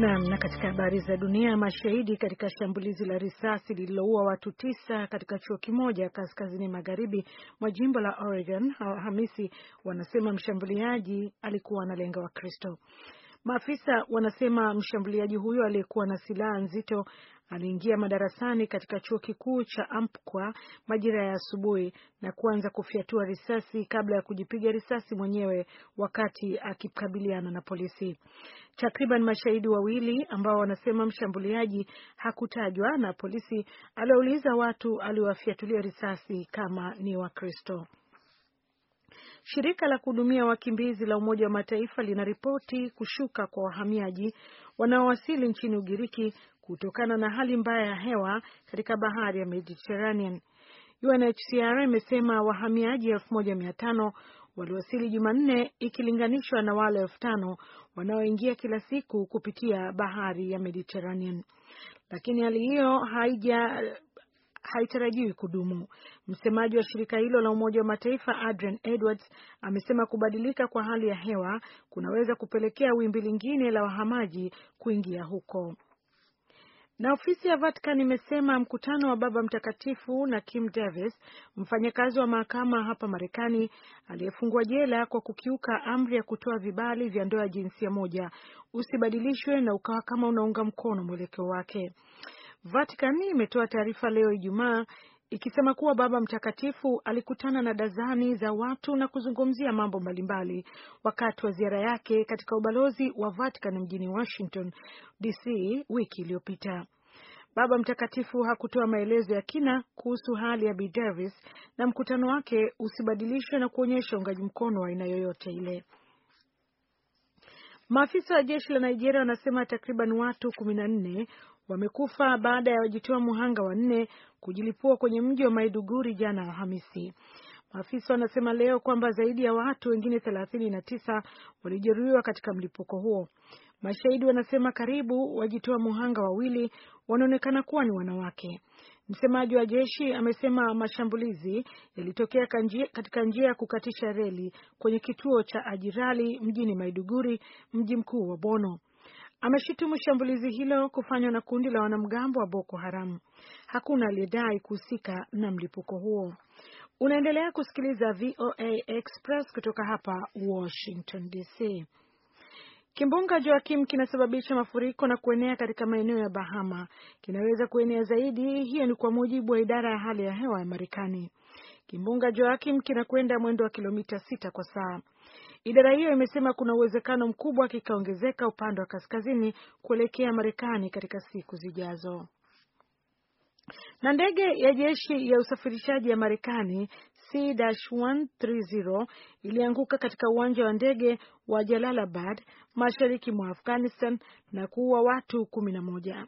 Naam, na katika habari za dunia, mashahidi katika shambulizi la risasi lililoua watu tisa katika chuo kimoja kaskazini magharibi mwa jimbo la Oregon Alhamisi wanasema mshambuliaji alikuwa analenga Wakristo. Maafisa wanasema mshambuliaji huyo aliyekuwa na silaha nzito aliingia madarasani katika chuo kikuu cha Ampkwa majira ya asubuhi na kuanza kufyatua risasi kabla ya kujipiga risasi mwenyewe wakati akikabiliana na polisi. Takriban mashahidi wawili ambao wanasema mshambuliaji hakutajwa na polisi aliwauliza watu aliowafyatulia risasi kama ni Wakristo. Shirika la kuhudumia wakimbizi la Umoja wa Mataifa linaripoti kushuka kwa wahamiaji wanaowasili nchini Ugiriki kutokana na hali mbaya ya hewa katika bahari ya Mediterranean. UNHCR imesema wahamiaji 1500 waliwasili Jumanne ikilinganishwa na wale 5000 wanaoingia kila siku kupitia bahari ya Mediterranean. Lakini hali hiyo haija haitarajiwi kudumu. Msemaji wa shirika hilo la Umoja wa Mataifa Adrian Edwards amesema kubadilika kwa hali ya hewa kunaweza kupelekea wimbi lingine la wahamaji kuingia huko. Na ofisi ya Vatican imesema mkutano wa Baba Mtakatifu na Kim Davis, mfanyakazi wa mahakama hapa Marekani aliyefungwa jela kwa kukiuka amri ya kutoa vibali vya ndoa jinsia moja, usibadilishwe na ukawa kama unaunga mkono mwelekeo wake. Vatican imetoa taarifa leo Ijumaa ikisema kuwa Baba Mtakatifu alikutana na dazani za watu na kuzungumzia mambo mbalimbali wakati wa ziara yake katika ubalozi wa Vatican mjini Washington DC wiki iliyopita. Baba Mtakatifu hakutoa maelezo ya kina kuhusu hali ya Bi Davis na mkutano wake usibadilishwe na kuonyesha uungaji mkono wa aina yoyote ile. Maafisa wa jeshi la Nigeria wanasema takriban watu kumi na nne wamekufa baada ya wajitoa muhanga wanne kujilipua kwenye mji wa Maiduguri jana Alhamisi. Maafisa wanasema leo kwamba zaidi ya watu wengine thelathini na tisa walijeruhiwa katika mlipuko huo. Mashahidi wanasema karibu wajitoa muhanga wawili wanaonekana kuwa ni wanawake. Msemaji wa jeshi amesema mashambulizi yalitokea katika njia ya kukatisha reli kwenye kituo cha Ajirali mjini Maiduguri, mji mkuu wa bono Ameshutumu shambulizi hilo kufanywa na kundi la wanamgambo wa Boko Haram. Hakuna aliyedai kuhusika na mlipuko huo. Unaendelea kusikiliza VOA Express kutoka hapa Washington DC. Kimbunga Joakim kinasababisha mafuriko na kuenea katika maeneo ya Bahama. Kinaweza kuenea zaidi, hiyo ni kwa mujibu wa idara ya hali ya hewa ya Marekani. Kimbunga Joakim kinakwenda mwendo wa kilomita sita kwa saa. Idara hiyo imesema kuna uwezekano mkubwa kikaongezeka upande wa kaskazini kuelekea Marekani katika siku zijazo. Na ndege ya jeshi ya usafirishaji ya Marekani C-130 ilianguka katika uwanja wa ndege wa Jalalabad mashariki mwa Afghanistan na kuua watu kumi na moja.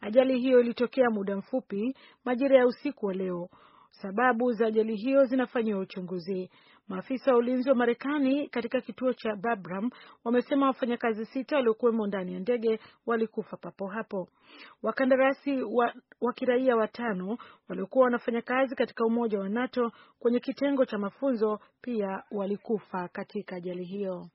Ajali hiyo ilitokea muda mfupi majira ya usiku wa leo Sababu za ajali hiyo zinafanyiwa uchunguzi. Maafisa wa ulinzi wa Marekani katika kituo cha babram wamesema wafanyakazi sita waliokuwemo ndani ya ndege walikufa papo hapo. Wakandarasi wa, wa kiraia watano waliokuwa wanafanya kazi katika Umoja wa NATO kwenye kitengo cha mafunzo pia walikufa katika ajali hiyo.